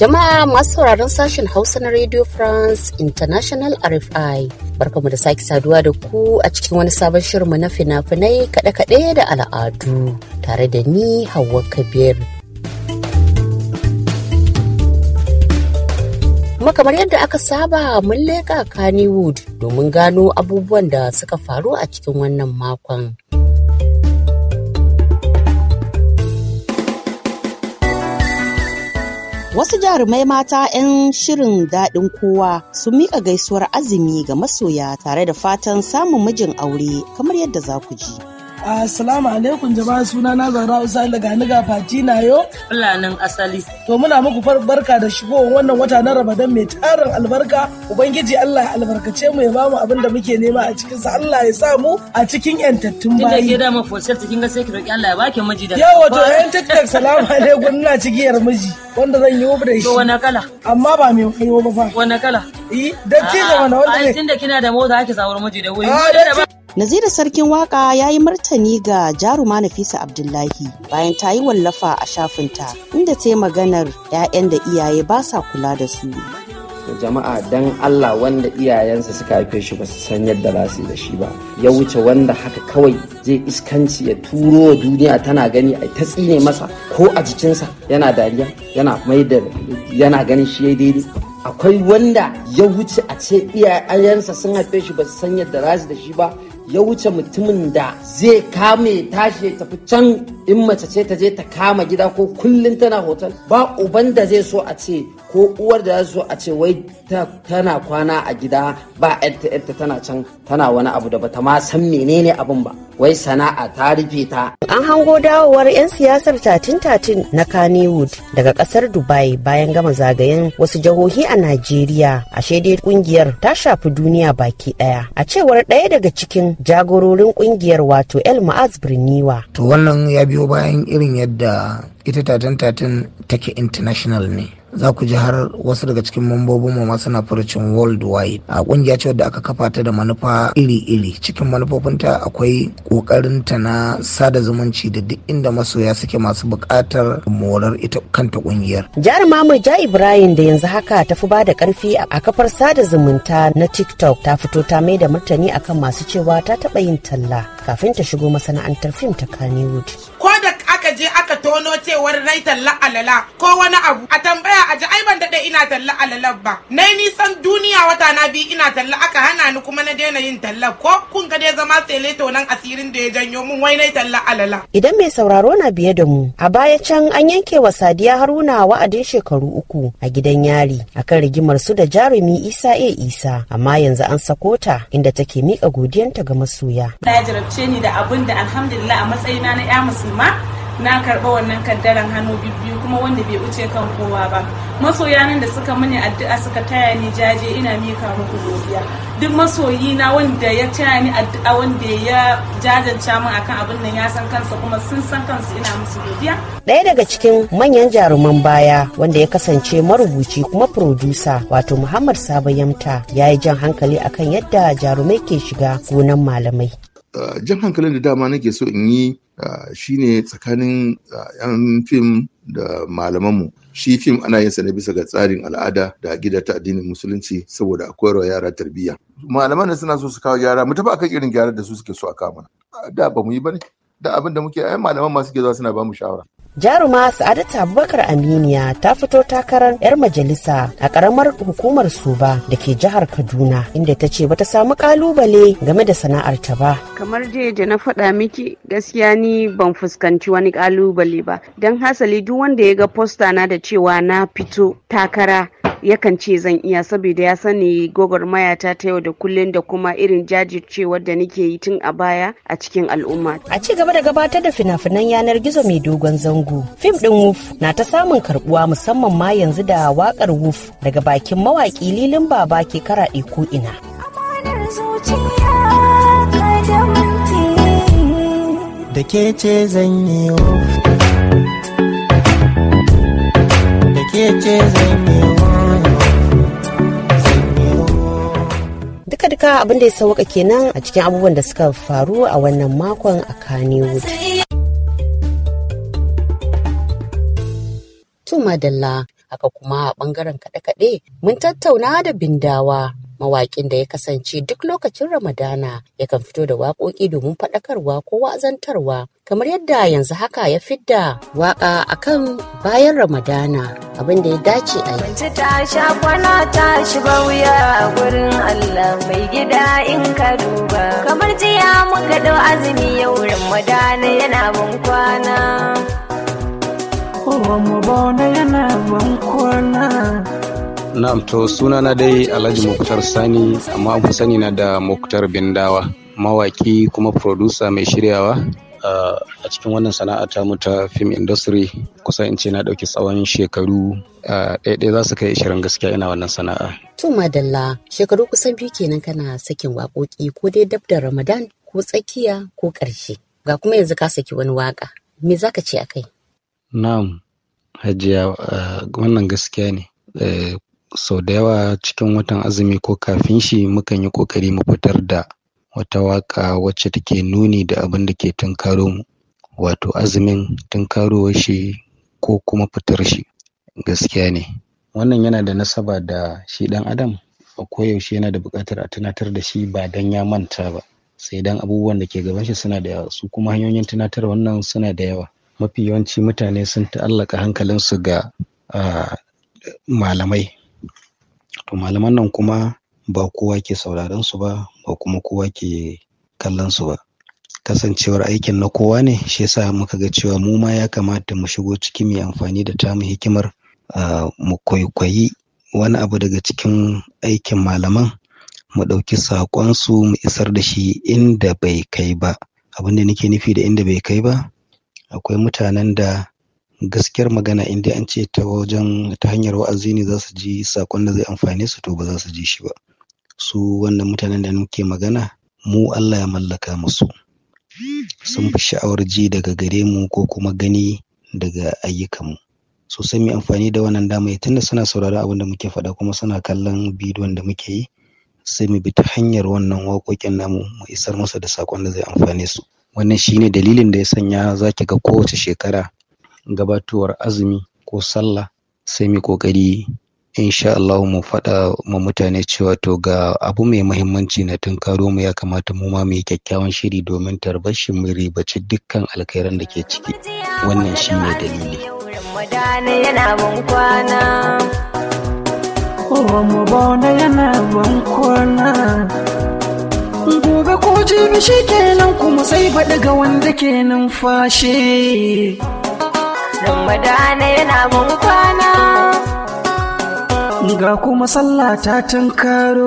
Jama'a masu sauraron sashen Hausa na Radio France International RFI. Barkamu da sake saduwa da ku a cikin wani sabon shirinmu na fina-finai kaɗe-kaɗe da al'adu tare da ni Hauwa Kabir. kuma kamar yadda aka saba mun leƙa Kannywood domin gano abubuwan da suka faru a cikin wannan makon. Wasu jarumai mata 'yan shirin daɗin kowa sun miƙa gaisuwar azumi ga masoya tare da fatan samun mijin aure kamar yadda za ku ji. Assalamu alaikum jama'a suna na Zahra Usa daga Niga Fati na yo. Fulanin asali. To muna muku barka da shigo wannan wata na Ramadan mai tarin albarka. Ubangiji Allah ya albarkace mu ya bamu abin da muke nema a cikin sa Allah ya sa mu a cikin yantattun bayi. Tunda ke da mu fosar cikin ga sai ki roki Allah ya baki miji da. Yawa to yan tattak salamu alaikum ina cikiyar miji wanda zan yi da shi. To wani kala? Amma ba mai kaiwo ba fa. Wani kala? Eh, dan ci da wani wanda ne. Ai tunda kina da mota ake zawar miji da wuri. Ah, Naziru Sarkin Waka ya yi martani ga jaruma Nafisa Abdullahi bayan ta yi wallafa a shafinta inda ta yi maganar 'ya'yan da iyaye ba sa kula da su. jama'a dan Allah wanda iyayensa suka haife shi ba su san yadda za su da shi ba ya wuce wanda haka kawai zai iskanci ya turo duniya tana gani a ta tsine masa ko a jikinsa yana dariya yana mai da yana ganin shi ya daidai akwai wanda ya wuce a ce iyayensa sun haife shi ba su san yadda za su da shi ba ya wuce mutumin da zai kame tashi ya tafi can in mace ce ta je ta kama gida ko kullum tana hotel ba uban da zai so a ce ko uwar da zai so a ce wai tana kwana a gida ba yarta yarta tana can tana wani abu da bata ma san menene abin ba wai sana'a ta rufe ta an hango dawowar 'yan siyasar tatin-tatin na Kannywood daga kasar Dubai bayan gama zagayen wasu jihohi a Najeriya. Ashe dai kungiyar ta shafi duniya baki daya. A cewar ɗaya daga cikin jagororin kungiyar wato el ma'az birniwa to wannan ya biyo bayan irin yadda ita tatan tatan take international ne za ku ji har wasu daga cikin mambobin mu suna furucin worldwide a kungiya ce wadda aka kafa ta da manufa iri-iri cikin manufofinta akwai kokarin ta na sada zumunci da duk inda masoya suke masu buƙatar morar ita kanta kungiyar jaruma mamu ja ibrahim da yanzu haka ta fi ba da karfi a kafar sada zumunta na tiktok ta fito ta mai da martani akan masu cewa ta taɓa yin talla kafin ta shigo masana'antar fim ta kannywood tono cewar rai talla alala ko wani abu a tambaya a ji ai ban dade ina talla alala ba nai nisan duniya wata na bi ina talla aka hana ni kuma na daina yin talla ko kun ga dai zama to nan asirin da ya janyo mun wai nai talla alala. Idan mai sauraro na biye da mu a baya can an yanke wa Sadiya Haruna wa'adin shekaru uku a gidan yari akan rigimar su da jarumi Isa A Isa amma yanzu an sako ta inda take miƙa godiyanta ga masoya. Na jarabce ni da abin da alhamdulillah a matsayina na 'ya musulma na karɓa wannan kaddaran hannu biyu kuma wanda bai wuce kan kowa ba masoya nan da suka mini addu'a suka taya ni jaje ina mika muku godiya duk masoyi na wanda ya taya ni addu'a wanda ya jajanta min akan abin nan ya san kansa kuma sun san kansu ina musu godiya ɗaya daga cikin manyan jaruman baya wanda ya kasance marubuci kuma furodusa wato muhammad sabo yamta ya yi jan hankali akan yadda jarumai ke shiga gonan malamai ah, jan hankalin da dama nake so in yi shine tsakanin yan fim da malamanmu shi fim ana yin sa ne bisa ga tsarin al'ada da gida ta addinin musulunci saboda a koyarwa yara tarbiyya malaman da suna so su kawo gyara mu tafi kan irin gyaran da su suke so a mana. da ba mu yi bane da abin da muke ai malaman ma suke zuwa suna ba mu shawara jaruma sa'adatu abubakar aminiya ta fito takarar 'yar majalisa a karamar hukumar suba da ke jihar kaduna inda ta ce bata samu kalubale game da sana'ar ta ba kamar da na faɗa miki gaskiya ni ban fuskanci wani kalubale ba don hasali duk wanda ya ga posta na da cewa na fito takara yakan ce zan iya saboda ya sani gwagwarmaya ta ta yau da kullun da kuma irin jajircewar da nake yi tun a baya a cikin al'umma. A ci gaba da gabatar da fina-finan yanar gizo mai dogon zango. Fim ɗin Wuf na ta samun karbuwa musamman ma yanzu da waƙar Wuf daga bakin mawaƙi Lilin Baba ke karaɗe ko ina. Da ke ce zan yi Wuf. Da ke ce zan yi Wuf. duka abin da ya sauka kenan a cikin abubuwan da suka faru a wannan makon a Kannywood. To madalla haka kuma a bangaren kaɗe-kaɗe mun tattauna da bindawa mawaƙin da ya kasance duk lokacin Ramadana yakan fito da waƙoƙi domin faɗakarwa ko wa'azantarwa kamar yadda yanzu haka ya fidda waƙa akan bayan Ramadana abin da ya dace a yi. ta sha kwana ta shi bauya gurin Allah mai gida in ka duba kamar jiya muka dau azumi yau Ramadana yana bin kwana. Kowa yana bin kwana. Na'am to suna na dai Alhaji Muktar Sani amma an sani na da Muktar Bindawa mawaki kuma producer mai shiryawa ah, a cikin wannan sana'a ta muta ta film industry kusan in ce na ɗauki tsawon shekaru ah, ɗaya za su kai ishirin gaskiya ina wannan sana'a. To madalla shekaru kusan biyu kenan kana sakin waƙoƙi ko dai dab da Ramadan ko tsakiya ko ƙarshe. Ga kuma yanzu ka saki wani waƙa me za ka ce a kai? Na'am hajiya ah, wannan gaskiya ne. Eh, sau da yawa cikin watan azumi ko kafin shi mukan yi ƙoƙari mu fitar da wata waka wacce take nuni da abin da ke tunkaro mu wato azumin tunkarowar shi ko kuma fitar shi gaskiya ne wannan yana da nasaba da shi ɗan adam a koyaushe yana da buƙatar a tunatar da shi ba don ya manta ba sai dan abubuwan da ke gaban shi suna da yawa su kuma hanyoyin tunatar wannan suna da yawa mafi yawanci mutane sun ta'allaka hankalinsu ga ah, malamai To malaman nan kuma ba kowa ke sauraron su ba, ba kuma kowa ke kallon su ba. Kasancewar aikin na kowa ne, shi yasa muka ga cewa mu ma ya kamata mu shigo ciki mai amfani da tamu hikimar mu kwaikwayi wani abu daga cikin aikin malaman mu ɗauki su mu isar da shi inda bai kai ba. Abin da nake nufi da inda bai kai ba, akwai mutanen da gaskiyar magana in dai an ce ta wajen ta hanyar wa'azi ne za su ji sakon da zai amfane su to ba za su ji shi ba su wannan mutanen da muke magana mu Allah ya mallaka musu sun fi sha'awar ji daga gare mu ko kuma gani daga ayyukanmu so sai mu amfani da wannan dama tunda suna sauraron abin da muke faɗa kuma suna kallon bidiyon da muke yi sai mu bi ta hanyar wannan waƙoƙin namu mu isar masa da sakon da zai amfane su wannan shine dalilin da ya sanya za ki ga kowace shekara gabatowar azumi ko sallah sai mu kokari insha Allah mu faɗa ma mutane cewa to ga abu mai muhimmanci na tunkaro mu ya kamata mu ma mu kyakkyawan shiri domin tarbar shi mu ribaci dukkan alkhairan da ke ciki wannan shi ne dalili gobe ko jibi kenan kuma sai baɗi ga wanda ke numfashi ramadana yana mun kwana ga kuma sallah ta tunkaro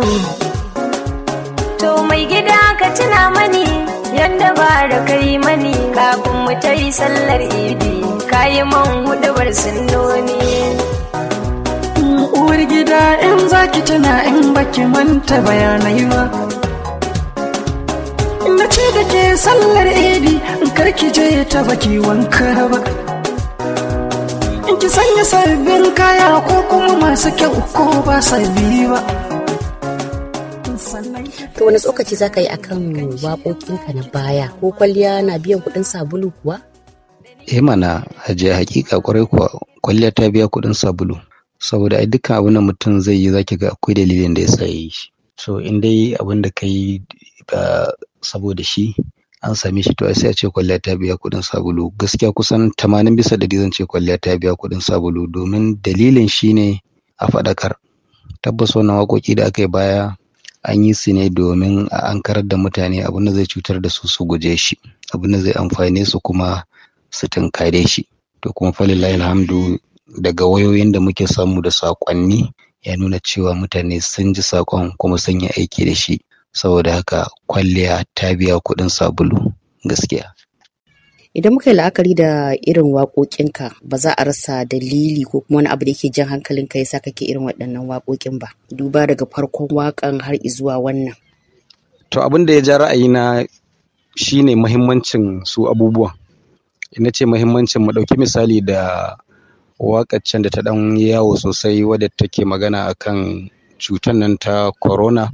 to mai gida ka tuna mani yadda bara ka yi mani kafin mu ta yi sallar idi ka yi man hudubar sunnoni uwar gida in zaki tuna in baki manta bayanai ba na ce da ke sallar idi karki je ta baki wanka ba ki sanya sabbin kaya ko kuma masu kyau ko ba sabbi ba to wani tsokaci za ka yi akan waƙoƙinka na baya ko kwalliya na biyan kuɗin sabulu kuwa eh mana hajiya hakika kwarai kuwa kwalliya ta biya kuɗin sabulu saboda ai dukkan abin da mutum zai yi zaki ga akwai dalilin da ya sa yi shi so in dai abin da ka yi ba ah, saboda shi an same shi to sai a ce kwalliya ta biya kuɗin sabulu gaskiya kusan tamanin bisa ɗari zan ce kwalliya ta biya kuɗin sabulu domin dalilin shi ne a faɗakar tabbas wannan waƙoƙi da aka yi baya an yi su ne domin a ankarar da mutane abin da zai cutar da su su guje shi abin da zai amfani su kuma su tunkare shi to kuma falilahi alhamdu daga wayoyin da muke samu da saƙonni ya nuna cewa mutane sun ji saƙon kuma sun yi aiki da shi saboda haka kwalliya ta biya kuɗin sabulu gaskiya idan muka yi la'akari da irin waƙoƙinka ba za a rasa dalili ko kuma wani abu da yake jan hankalin ka yasa kake irin waɗannan waƙoƙin ba duba daga farkon waƙan har izuwa wannan to abin da ya ja ra'ayi na shine muhimmancin su abubuwan ina ce muhimmancin mu ɗauki misali da waƙaccen da ta ɗan yawo sosai wadda take magana akan cutar nan ta corona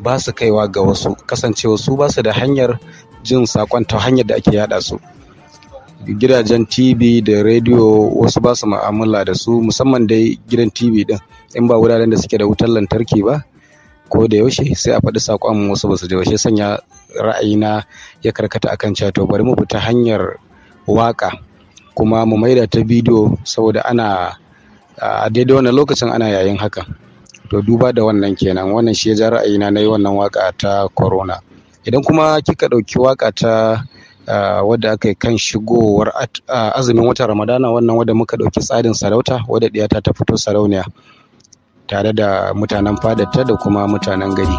ba su kaiwa ga wasu kasancewa su ba su da hanyar jin sakon ta hanyar da ake yada su gidajen tv da rediyo wasu ba su ma'amala da su musamman dai gidan tv din in ba wuraren da suke da wutar lantarki ba ko da yaushe sai a faɗi sakon wasu ba su ji yaushe sanya ra'ayi na ya karkata akan cewa to bari mu fita hanyar waka kuma mu maida ta bidiyo saboda ana a daidai wani lokacin ana yayin hakan to duba da wannan kenan wannan shi ya ja ra'ayina na yi wannan waka ta corona idan kuma kika ɗauki waka ta wadda aka yi kan shigowar azumin wata ramadana wannan wadda muka ɗauki tsarin sarauta wadda ɗiyata ta fito sarauniya tare da mutanen fadata da kuma mutanen gari.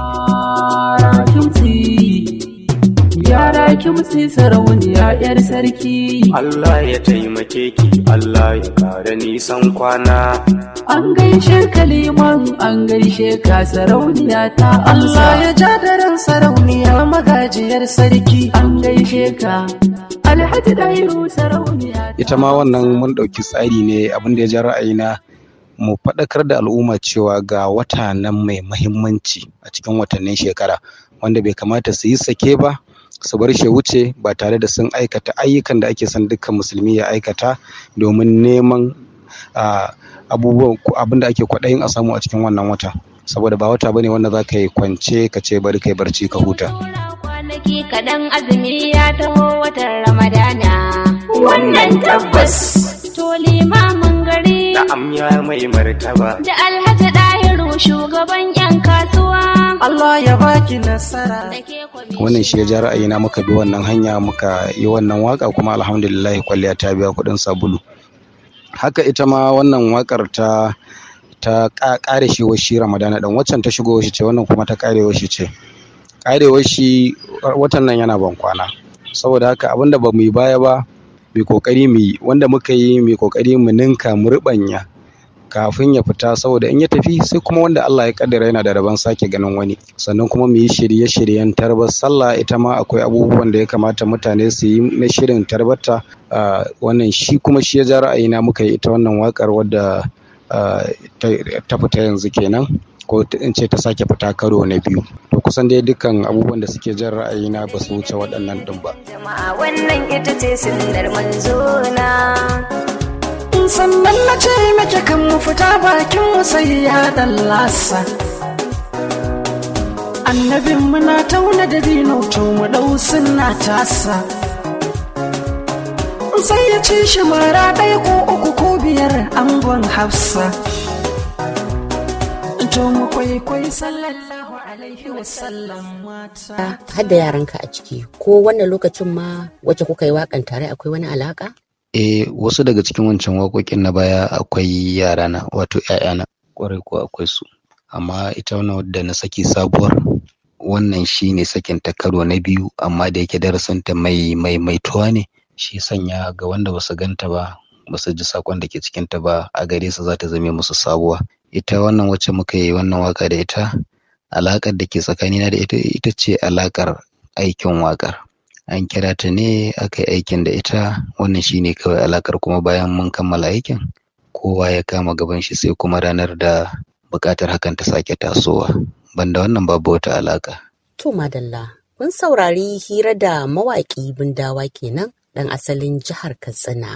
yara ki mutsi sarauniya yar sarki Allah ya taimake ki Allah ya kare nisan kwana an gaishe kaliman an gaishe ka sarauniya ta Allah ya ja daren sarauniya magajiyar sarki an gaishe ka Alhaji Dairu sarauniya ita ma wannan mun ɗauki tsari ne abinda ya ja ra'ayina mu faɗakar da al'umma cewa ga wata nan mai mahimmanci a cikin watannin shekara wanda bai kamata su yi sake ba su bar shi wuce ba tare da sun aikata ayyukan da ake son dukkan musulmi ya aikata domin neman abubuwan abin da ake kwaɗayin a samu a cikin wannan wata saboda ba wata bane wanda za ka yi kwance ka ce bari kai barci ka huta kwanaki kaɗan azumi ya taho watan ramadana wannan tabbas to limamin gari da amya mai martaba da alhaji shugaban 'yan kasuwa. Allah ya baki nasara. Wannan shi ya ja ra'ayina muka bi wannan hanya muka yi wannan waka kuma alhamdulillah kwalliya ta biya kuɗin sabulu. Haka ita ma wannan wakar ta ta kare shi shi Ramadana dan waccan ta shigo shi ce wannan kuma ta kare shi ce. Kare shi watan nan yana ban kwana. Saboda haka abinda ba mu yi baya ba, mai kokari mu yi wanda muka yi mai kokari mu ninka mu riɓanya kafin ya fita saboda in ya tafi sai kuma wanda Allah ya kaddara yana da rabon sake ganin wani sannan kuma mu yi shirye-shiryen tarbar sallah ita ma akwai abubuwan da ya kamata mutane su yi na shirin tarbarta wannan shi kuma shi ya ja ra'ayina muka yi ita wannan wakar wadda ta fita yanzu kenan ko in ce ta sake fita karo na biyu to kusan dai dukkan abubuwan da suke jan ra'ayina ba su wuce waɗannan din ba. Jama'a wannan ita ce manzo na san na ce miki kan mu fita bakin mu sai ya dallasa annabin muna tauna da dino to mu dau sunna tasa sai ya ci shi mara ɗaya ko uku ko biyar angon hafsa to mu kwaikwai sallallahu alaihi wasallam mata hadda yaranka a ciki ko wannan lokacin ma wacce kuka yi wakan tare akwai wani alaka Eh, wasu daga cikin wancan waƙoƙin na baya akwai yarana, wato ‘ya'yana kwarai ko akwai su. Amma ita wannan wadda na saki sabuwar, wannan shi ne ta karo na biyu amma da yake darasinta mai mai mai tuwa ne, shi sanya ga wanda ba ganta ba, ba su ji sakon da ke cikinta ba, a gare su za ta zame musu sabuwa. Ita wannan wacce muka yi wannan waka da ita, alaƙar da ke tsakanina da ita ce alaƙar aikin wakar. an kira ta ne aka yi aikin da ita wannan shine kawai alakar kuma bayan mun kammala aikin kowa ya kama gaban shi sai kuma ranar da bukatar hakan ta sake tasowa banda wannan babu wata alaka. To madalla kun saurari hira da mawaƙi bindawa kenan dan asalin jihar Katsina.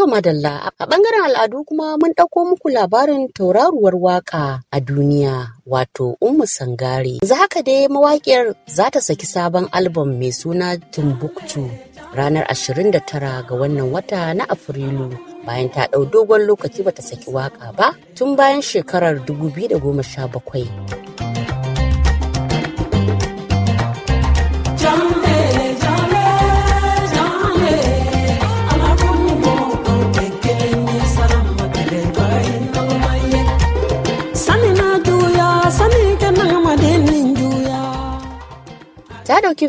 To madalla a ɓangaren al'adu kuma mun ɗauko muku labarin tauraruwar waka a duniya wato Ummu Sangare. Za haka dai mawaƙiyar za ta saki sabon albam mai suna Timbuktu ranar 29 ga wannan wata na Afrilu bayan ta ɗau dogon lokaci bata saki waka ba tun bayan shekarar 2017. Je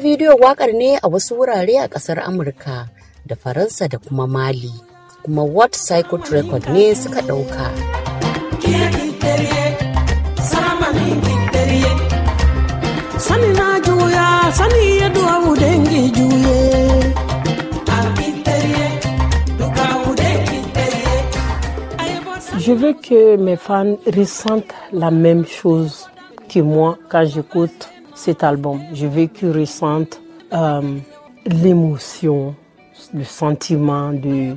veux que mes fans ressentent la même chose que moi quand j'écoute cet album. Je veux récente ressentent euh, l'émotion, le sentiment de,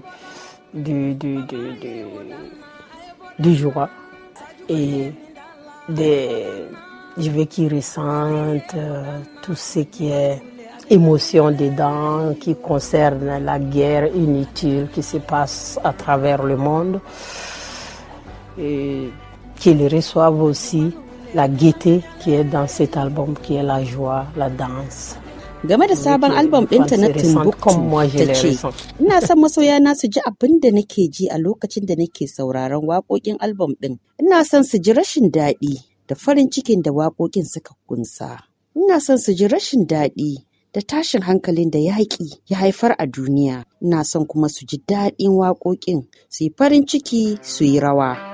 de, de, joie et des, veux vécu récente euh, tout ce qui est émotion dedans, qui concerne la guerre inutile qui se passe à travers le monde et qu'ils reçoivent aussi la gaieté qui est dans cet album qui est la joie, la danse. Game da sabon albam ɗinta na Timbuktu ta ce, Ina son masoya na su ji abin da nake ji a lokacin da nake sauraron waƙoƙin albam ɗin. Ina son su ji rashin daɗi da farin cikin da waƙoƙin suka kunsa. Ina son su ji rashin daɗi da tashin hankalin da yaƙi ya haifar a duniya. Ina son kuma su ji daɗin waƙoƙin su yi farin ciki su yi rawa.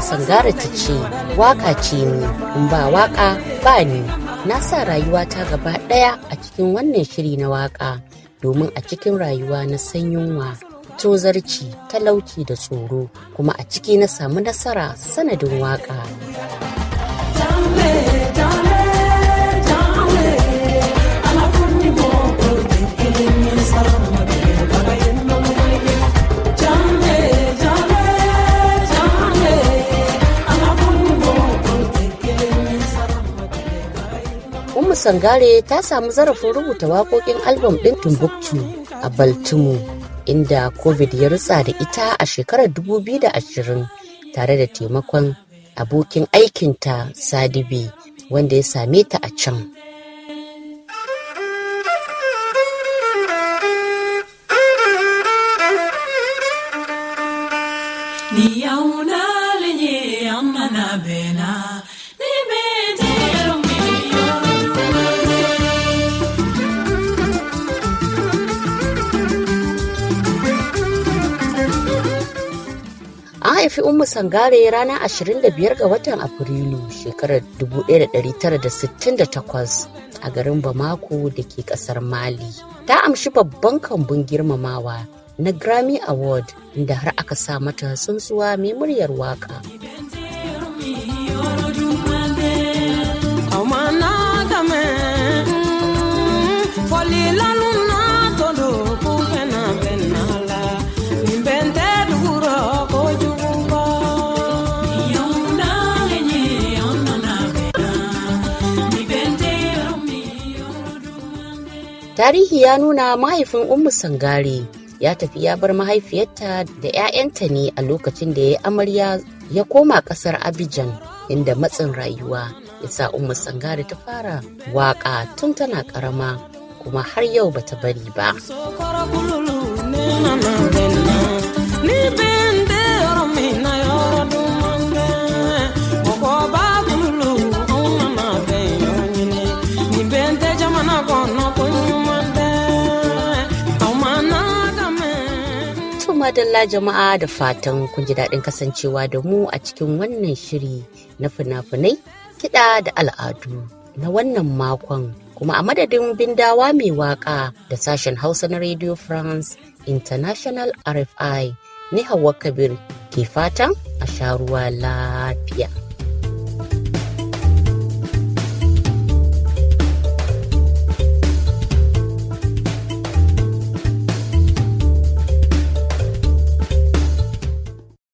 Halima Sangara ta ce, "Waka ce ni, in ba waka ba ni." Na sa rayuwata gaba ɗaya a cikin wannan shiri na waka, domin a cikin rayuwa na san yunwa, tozarci, talauci da tsoro, kuma a ciki na samu nasara sanadin waka. Sangare ta samu zarafin rubuta waƙoƙin albam ɗin Timbuktu a Baltimore, inda COVID ya rutsa da ita a shekarar 2020 tare da taimakon abokin aikinta sadibi wanda ya same ta a can. haifi Ummu Sangare ranar 25 ga watan Afrilu shekarar 1968 a garin Bamako da ke kasar Mali. Ta amshi babban kambun girmamawa na Grammy Award inda har aka sa mata tsuntsuwa mai muryar waka. Tarihi ya nuna mahaifin Ummu Sangare ya tafi ya bar mahaifiyarta da 'ya'yanta ne a lokacin da ya amarya ya koma kasar Abidjan inda matsin rayuwa ya sa Ummu Sangare ta fara waƙa tun tana ƙarama kuma har yau bata bari ba. madalla jama'a da fatan kun ji daɗin kasancewa da mu a cikin wannan shiri na fina-finai kiɗa da al'adu na wannan makon kuma a madadin bindawa mai waka da sashen hausa na radio france international rfi ni hawa kabir ke fatan a sha ruwa lafiya.